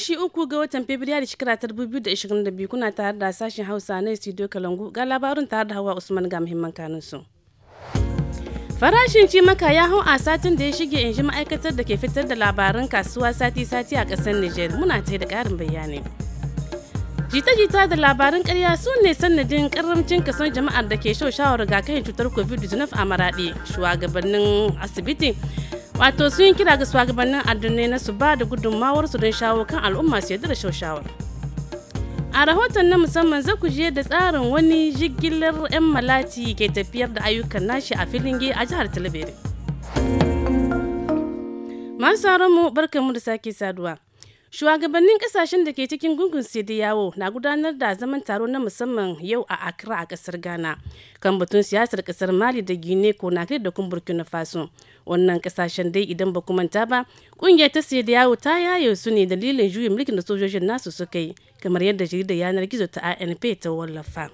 shi uku ga watan Fabrairu shekara ta 2022 kuna tare da sashen Hausa na Studio Kalangu ga labarin tare da Hawa Usman ga muhimman kanun su. Farashin cimaka ya hau a satin da ya shige in ji ma'aikatar da ke fitar da labarin kasuwa sati-sati a ƙasar Nijar muna ta da ƙarin bayani. Jita-jita da labarin ƙarya su ne sanadin karamcin kason jama'ar da ke shawarar rigakafin cutar COVID-19 a maraɗi shugabannin asibiti wato sun kira ga shugabannin addinai na su ba da su don shawo kan al'umma su yadda da shawar. a rahoton na musamman za ku je da tsarin wani jigilar 'yan malati ke tafiyar da ayyukan nashi a filin a jihar talabere masu mu barkanmu da sake saduwa Shugabannin kasashen da ke cikin gungun yawo na gudanar da zaman taro na musamman yau a Accra a kasar Ghana kan batun siyasar kasar Mali da Guinea Conakry da kuma Burkina Faso. Wannan kasashen dai idan ba manta ba, kungiyar ta yawo ta yaye su ne dalilin juyin mulkin da sojojin nasu suka yi kamar yadda jaridar yanar gizo ta ANP ta wallafa.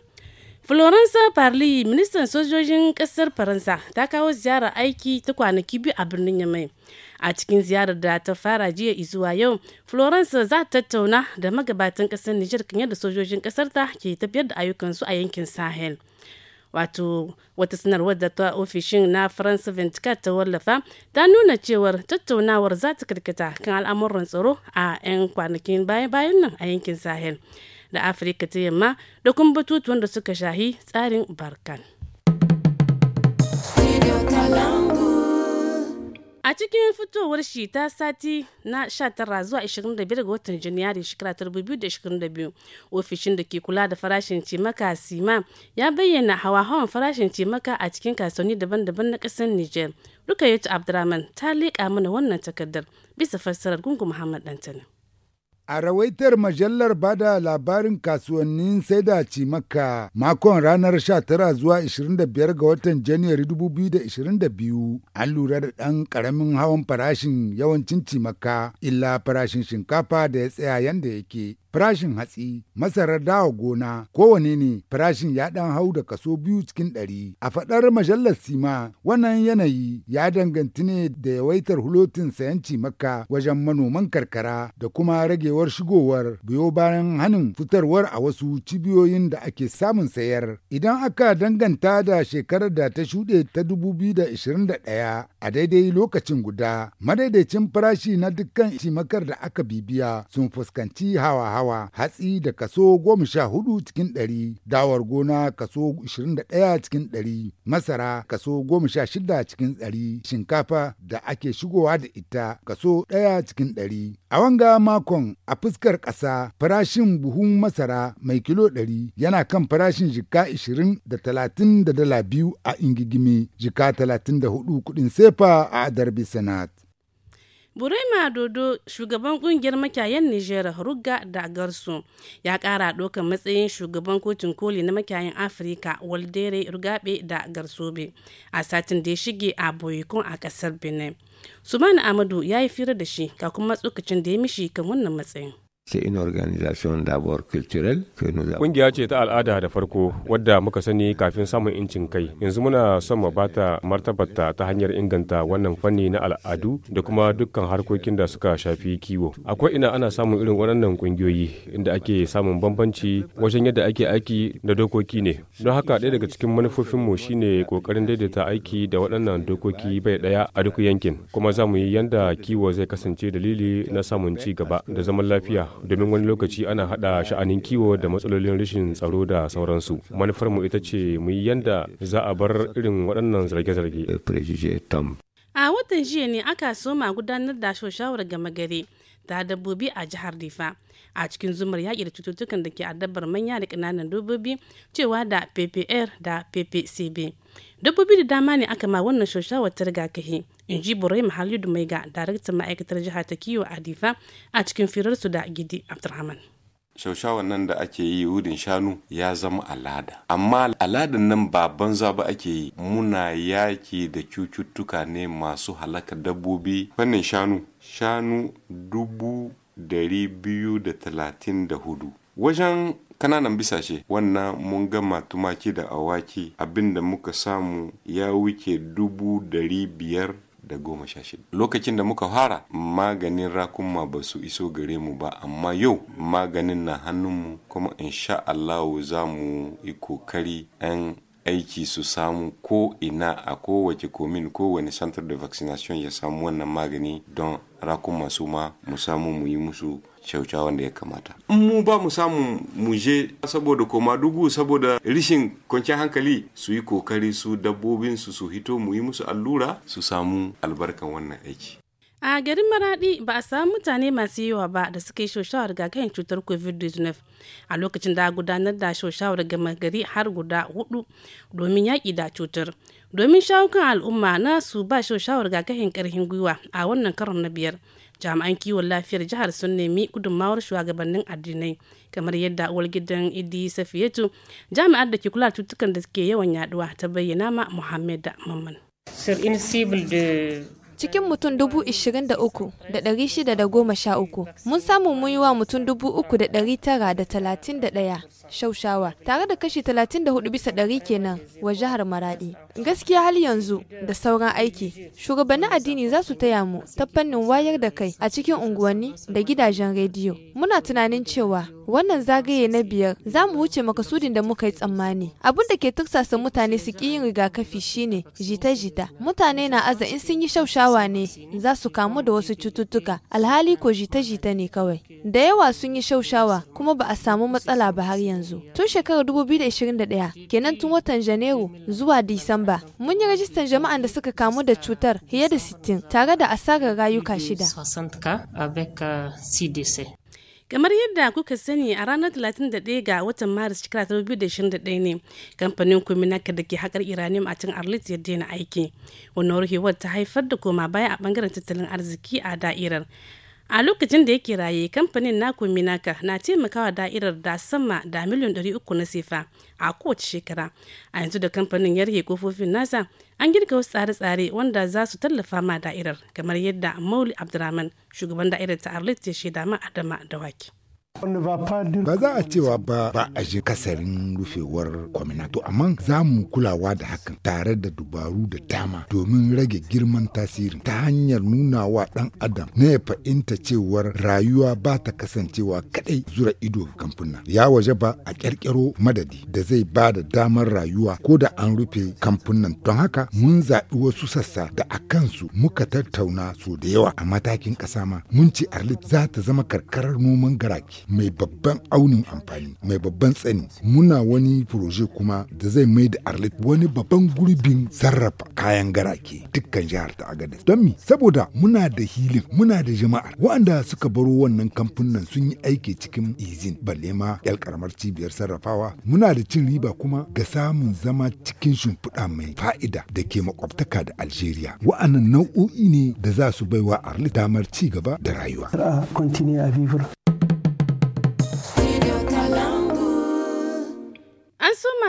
Florence Parly, ministan sojojin kasar Faransa, ta kawo ziyara aiki ta kwanaki biyu a birnin Yamai. a cikin ziyarar da ta fara jiya izuwa yau florence za ta tattauna da magabatan kasar niger kan yadda sojojin kasar ta ke tafiyar da ayyukansu a yankin sahel wato wata sanarwar da ta ofishin na france 24 ta wallafa ta nuna cewar tattaunawar za ta karkata kan al'amuran tsaro a 'yan kwanakin bayan nan a yankin sahel da afirka ta yamma da kuma batutuwan da suka shahi tsarin barkan a cikin fitowar shi ta sati na 19 zuwa 25 ga watan janairu shekara 2022 ofishin da ke kula da farashin cimaka sima ya bayyana hawa-hawan farashin cimaka a cikin kasuwanni daban-daban na ƙasar niger rukayatu abdurrahman ta leƙa mana wannan takardar bisa fassarar gungun muhammad dantani A rawaitar majallar bada labarin kasuwannin sai da cimaka makon ranar 19 zuwa 25 ga watan Janairu 2022 an lura da ɗan ƙaramin hawan farashin yawancin cimaka illa farashin shinkafa da ya tsaya yanda yake Farashin hatsi, masarar dawa gona kowane ne farashin ya dan hau da kaso biyu cikin ɗari. A faɗar majalar Sima wannan yanayi ya danganci ne da yawaitar hulotin sayan cimaka wajen manoman karkara da kuma ragewar shigowar biyo bayan hanin fitarwar a wasu cibiyoyin da ake samun sayar. Idan aka danganta da shekarar da ta shuɗe ta 2021 a daidai lokacin guda, madaidaicin farashi na dukkan cimakar da aka bibiya sun fuskanci hawa Hawa, hatsi da kaso goma sha hudu cikin ɗari, dawar gona kaso ishirin da ɗaya cikin ɗari, masara kaso goma sha shida cikin ɗari, shinkafa da ake shigowa da ita kaso ɗaya cikin ɗari. A wanga makon a fuskar ƙasa farashin buhun masara mai kilo ɗari yana kan farashin jika ishirin da talatin da dala biyu a ingigimi jika talatin da hudu kuɗin sefa a darbi sanat. buraima Dodo shugaban kungiyar makiyayan Nijar Ruga da Garso ya kara ɗaukar matsayin shugaban kotun koli na makiyayan Afirka Waldere Rugabe da Garsobe a satin da ya shige a Boyikon a ƙasar Benin. Sumana Amadu ya yi fira da shi ka kuma tsokacin da ya mishi kan wannan matsayin. C'est organisation d'abord culturelle que Kungiya ce ta al'ada da farko wadda muka sani kafin samun incin kai. Yanzu muna son mu bata martabarta ta hanyar inganta wannan fanni na al'adu da kuma dukkan harkokin da suka shafi kiwo. Akwai ina ana samun irin waɗannan kungiyoyi inda ake samun bambanci wajen yadda ake aiki da dokoki ne. Don haka ɗaya daga cikin manufofin mu shine kokarin daidaita aiki da waɗannan dokoki bai ɗaya a duk yankin. Kuma za mu yi yanda kiwo zai kasance dalili na samun ci gaba da zaman lafiya domin wani lokaci ana hada sha'anin kiwo da matsalolin rashin tsaro da sauransu manufar mu ita ce mu yi yanda za a bar irin waɗannan zarge-zarge a watan jiya ne aka soma gudanar da shawarar gama gari ta dabbobi a jihar difa a cikin zumar yaƙi da cututtukan da ke addabar manya da ƙananan dabbobi cewa da PPR da PPCB. Dabbobi da dama ne aka ma wannan shoshawar ta rigakahi In ji Buraim Halidu Maiga, daraktan ma'aikatar jihar ta kiwo a difa a cikin firarsu da Gidi Abdulrahman. shaushawan nan da ake yi wudin shanu ya zama alada amma aladan nan ba banza ba ake yi muna yaki da cututtuka ne masu halaka dabbobi fannin shanu shanu dubu dari biyu da talatin da hudu wajen kananan bisashe wannan mun gama tumaki da awaki abinda muka samu ya wuce dubu dari biyar da goma sha shida lokacin da muka fara maganin rakunma ba su iso gare mu ba amma yau maganin na hannunmu kuma insha allahu za mu yi kokari 'yan aiki su samu ko ina a kowace komin kowane santar da vaccination ya samu wannan magani don rakun masu ma mu samu mu yi musu kyauta wanda ya kamata. In mu ba mu samu mu je saboda koma dugu saboda rishin kwanciyar hankali su yi kokari su dabbobin su su hito mu yi musu allura su samu albarkan wannan aiki. a garin maradi ba a samu mutane masu yawa ba da suka yi shoshawar rigakafin cutar covid-19 a lokacin da gudanar da shoshawar gama gari har guda hudu domin yaƙi da cutar domin shawukan al'umma na su ba shoshawar rigakafin karhin gwiwa a wannan karon na biyar jami'an kiwon lafiyar jihar sun nemi gudunmawar shugabannin addinai kamar yadda uwar gidan idi safiyatu jami'ar da ke kula cutukan da ke yawan yaduwa ta bayyana ma muhammad mamman sur une Cikin mutum dubu ishirin da uku da ɗari shida da goma sha uku, mun samu muyiwa wa mutum dubu uku da ɗari tara da talatin da ɗaya shaushawa tare da kashi 34 bisa ɗari kenan wa jihar maradi gaskiya hal yanzu da sauran aiki shugabannin addini za su taya mu ta fannin wayar da kai a cikin unguwanni da gidajen rediyo muna tunanin cewa wannan zagaye na biyar za mu wuce makasudin da muka yi tsammani abin da ke tursasa mutane su ƙi yin rigakafi shine jita-jita mutane na aza in sun yi shaushawa ne za su kamu da wasu cututtuka alhali ko jita-jita ne kawai da yawa sun yi shaushawa kuma ba a samu matsala ba har yanzu yanzu. Tun shekarar 2021 kenan tun watan Janairu zuwa Disamba mun yi rajistan jama'an da suka kamu da cutar fiye da 60 tare da asarar rayuka shida. Euh, kamar yadda kuka sani a ranar 31 ga watan maris shekara 2021 ne kamfanin kuminaka da ke haƙar iranium a can arlit ya daina aiki wannan ruhewar ta haifar da koma baya a bangaren tattalin arziki a da'irar a lokacin da yake raye kamfanin naku minaka na taimakawa da'irar da sama da miliyan 300 na sefa a kowace shekara a yanzu da kamfanin ya rage kofofin nasa an girka wasu tsare-tsare wanda za su tallafa ma da'irar kamar yadda mauli Abdulrahman, shugaban da'irar ta arlit ya shaida ma adama da waki Ba za a cewa ba ba a ji kasarin rufewar kwaminato amma za mu kulawa da hakan tare da dubaru da dama domin rage girman tasirin ta hanyar nuna wa ɗan adam na ya fahimta cewar rayuwa ba ta kasancewa kadai zura ido kamfuna. Ya waje ba a ƙirƙiro madadi da zai ba da damar rayuwa ko da an rufe kamfunan don haka mun zaɓi wasu sassa da a kansu muka tattauna so da yawa a matakin ƙasa ma mun ce Arlit za ta zama karkarar noman garaki. mai babban aunin amfani mai babban tsani muna wani furoje kuma da zai mai da arlit wani babban gurbin sarrafa kayan garake dukkan jihar ta agadez don mi saboda muna da hilin muna da jama'ar wanda suka baro wannan kamfunan sun yi aiki cikin izin balle ma yar karamar cibiyar sarrafawa muna da cin riba kuma ga samun zama cikin shimfiɗa mai fa'ida da ke makwabtaka da algeria wa'annan nau'o'i ne da za su baiwa arlit damar ci gaba da rayuwa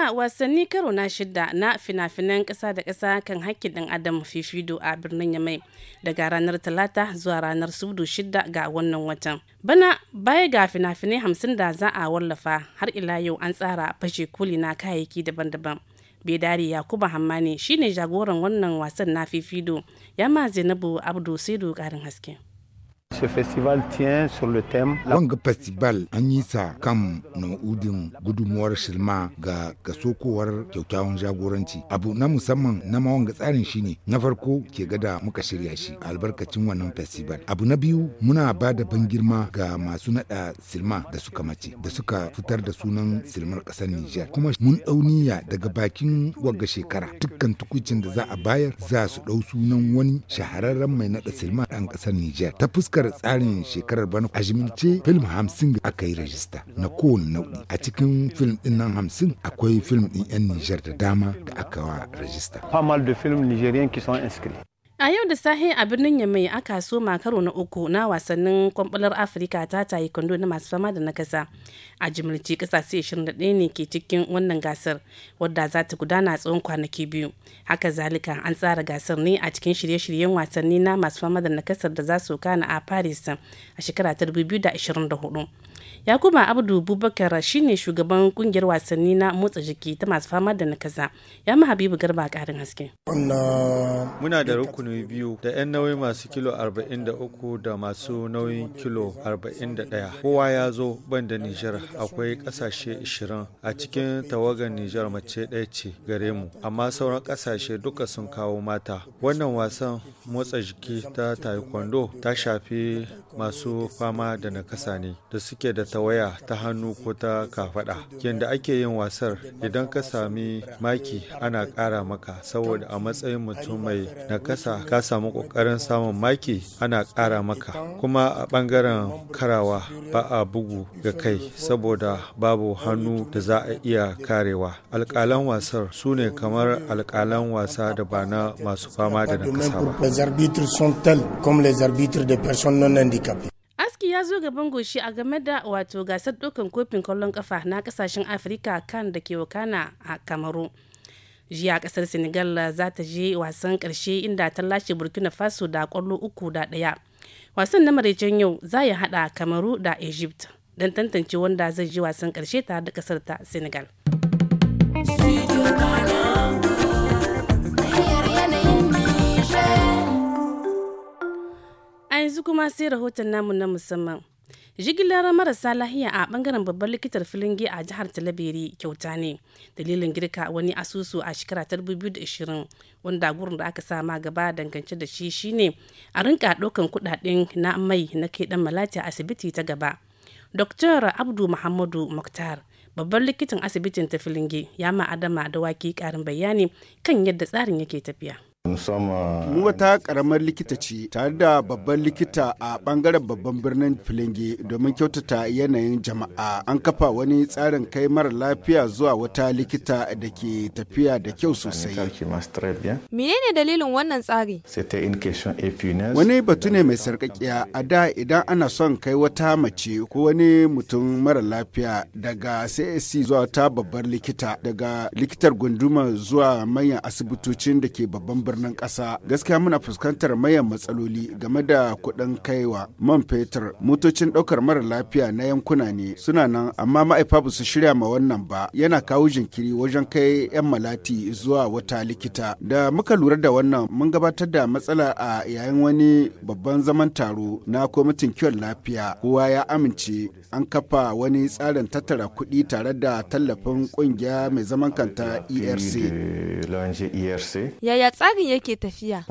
a wasanni karo na shida na fina-finan ƙasa da ƙasa kan hakkin ɗan adam fifido a birnin yamai daga ranar talata zuwa ranar sudu shida ga wannan watan bana baya ga fina-finai hamsin da za a wallafa har ila yau an tsara fashe koli na kayayyaki daban-daban bedari yakuba hammani shine jagoran wannan wasan na fifido ma zainabu abdu sai ƙarin haske Wanga festival an yi sa kan na'udin gudunmuwar shirma ga gasokowar kyautawan jagoranci. Abu na musamman na mawanga tsarin shine na farko ke gada muka shirya shi albarkacin wannan festival. Abu na biyu muna ba da ban girma ga masu nada silma da suka mace da suka fitar da sunan silmar kasar Nijar. Kuma mun dauniya daga bakin wagga shekara dukkan tukucin da za a bayar za su dau sunan wani shahararren mai nada silma ɗan kasar Nijar. Ta fuskar tsara tsarin shekarar bana a jimince film hamsin aka yi rajista na kowane nau'i a cikin film din nan hamsin akwai film din 'yan nijar da dama da aka wa rajista. Pas mal de film nigériens qui sont A yau da sahe a birnin Yamai aka soma karo na uku na wasannin kwambular Afirka ta tayi kwando na masu fama da nakasa. A jimilci kasashe 21 ne ke cikin wannan gasar wadda za ta gudana tsawon kwanaki biyu. Haka zalika an tsara gasar ne a cikin shirye-shiryen wasanni na masu fama da nakasar da za su kana a Paris a shekara 2024. ya kuma Abdu Bubakar shine shugaban kungiyar wasanni na motsa jiki ta masu fama da nakasa. Ya mu Habibu Garba karin haske. Muna da rukuni biyu da 'yan nauyi masu kilo 43 da masu nauyin kilo 41. Kowa ya zo ban da Nijar akwai kasashe 20 a cikin tawagar Nijar mace ɗaya ce gare mu amma sauran kasashe duka sun kawo mata. Wannan wasan motsa jiki ta taekwondo ta shafi masu fama da nakasa ne da suke da ta waya ta hannu ko ta kafada yadda ake yin wasar idan ka sami maki ana ƙara maka saboda a matsayin mutum mai nakasa ka samu ƙoƙarin samun maki ana ƙara maka kuma a bangaren karawa ba a bugu ga kai saboda babu hannu da za a iya karewa alƙalan wasar su ne kamar alkalan wasa da ba na masu fama da nakasa ba. aski ya zo gaban goshi a game da wato gasar dokan kofin kwallon kafa na kasashen afirka kan da ke wakana a kamaru jiya kasar senegal za ta je wasan karshe inda ta lashe burkina faso da kwallo uku da daya wasan na maraicen yau za ya hada kamaru da egypt don tantance wanda zai je wasan karshe tare da kasar ta senegal yanzu kuma sai rahoton namu na musamman. jigilar marasa lahiya a bangaren babbar likitar filinge a jihar talabere kyauta ne dalilin girka wani asusu a shekara 2020 wanda gurin da aka sama gaba dangance da shi shine a rinka ɗaukan kudaden na mai na kai dan malati a asibiti ta gaba dr abdu muhammadu muktar babban likitan asibitin ta filinge ya ma adama da waki karin bayani kan yadda tsarin yake tafiya Mu wata karamar likita ce tare da babban likita a bangaren babban birnin Filinge domin kyautata yanayin jama'a. An kafa wani tsarin kai mara lafiya zuwa wata likita da ke tafiya da kyau sosai. ne dalilin wannan tsari? Wani batu ne mai sarƙaƙiya a da idan ana son kai wata mace ko wani mutum mara lafiya daga CSC zuwa ta babbar likita daga likitar gunduma zuwa manyan asibitocin da ke babban birnin birnin ƙasa gaskiya muna fuskantar mayan matsaloli game da kuɗin kaiwa man fetur motocin ɗaukar mara lafiya na yankuna ne suna nan amma ma'aifa ba su shirya ma wannan ba yana kawo jinkiri wajen kai 'yan malati zuwa wata likita da muka lura da wannan mun gabatar da matsala a yayin wani babban zaman taro na kwamitin kiwon lafiya kowa ya amince an kafa wani tsarin tattara kuɗi tare da tallafin ƙungiya mai zaman kanta erc e yaya tsarin yake tafiya?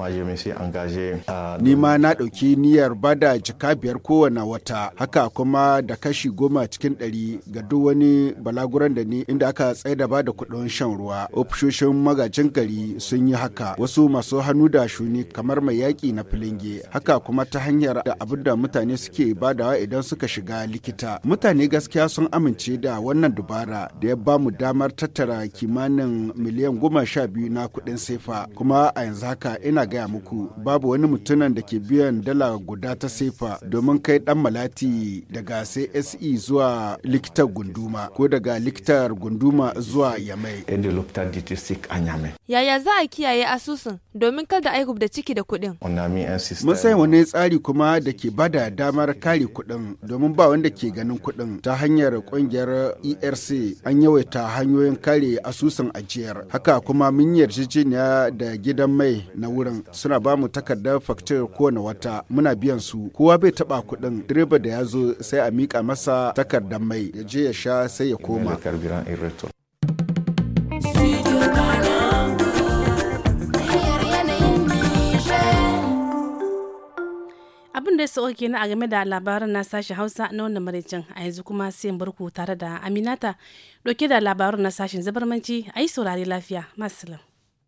Ah, ni ma na ɗauki niyyar bada jika biyar kowane wata, haka kuma da kashi goma cikin ɗari ga duk wani balaguran da ni inda aka tsaida bada kuɗin shan ruwa. Ofishoshin magajin gari sun yi haka, wasu masu hannu da shuni kamar mai yaƙi na filinge, haka kuma ta hanyar da abin da mutane suke badawa idan suka shiga likita. Mutane gaskiya sun amince da wannan dubara da ya bamu damar tattara kimanin miliyan goma sha biyu na kuɗin sefa kuma a yanzu haka ina gaya muku babu wani mutumin da ke biyan dala guda ta sefa domin kai dan malati daga CSE zuwa likitar gunduma ko daga likitar gunduma zuwa Yamai. Yaya za a kiyaye asusun domin kada a da ciki da kuɗin? Mun sai wani tsari kuma da ke bada damar kare kuɗin domin ba wanda ke ganin kuɗin ta hanyar ƙungiyar ERC an yawaita hanyoyin kare asusun ajiyar. Haka kuma mun yarjejeniya da gidan gidan mai na wurin suna ba mu takardar faktir kowane wata muna biyan su kowa bai taba kuɗin direba da ya zo sai a mika masa takardar mai ya je ya sha sai ya koma. abin da ya sauka kenan a game da labaran na sashen hausa na wannan maraicin a yanzu kuma sai barku tare da aminata dauke da labaran na sashen zabarmanci a yi saurari lafiya masu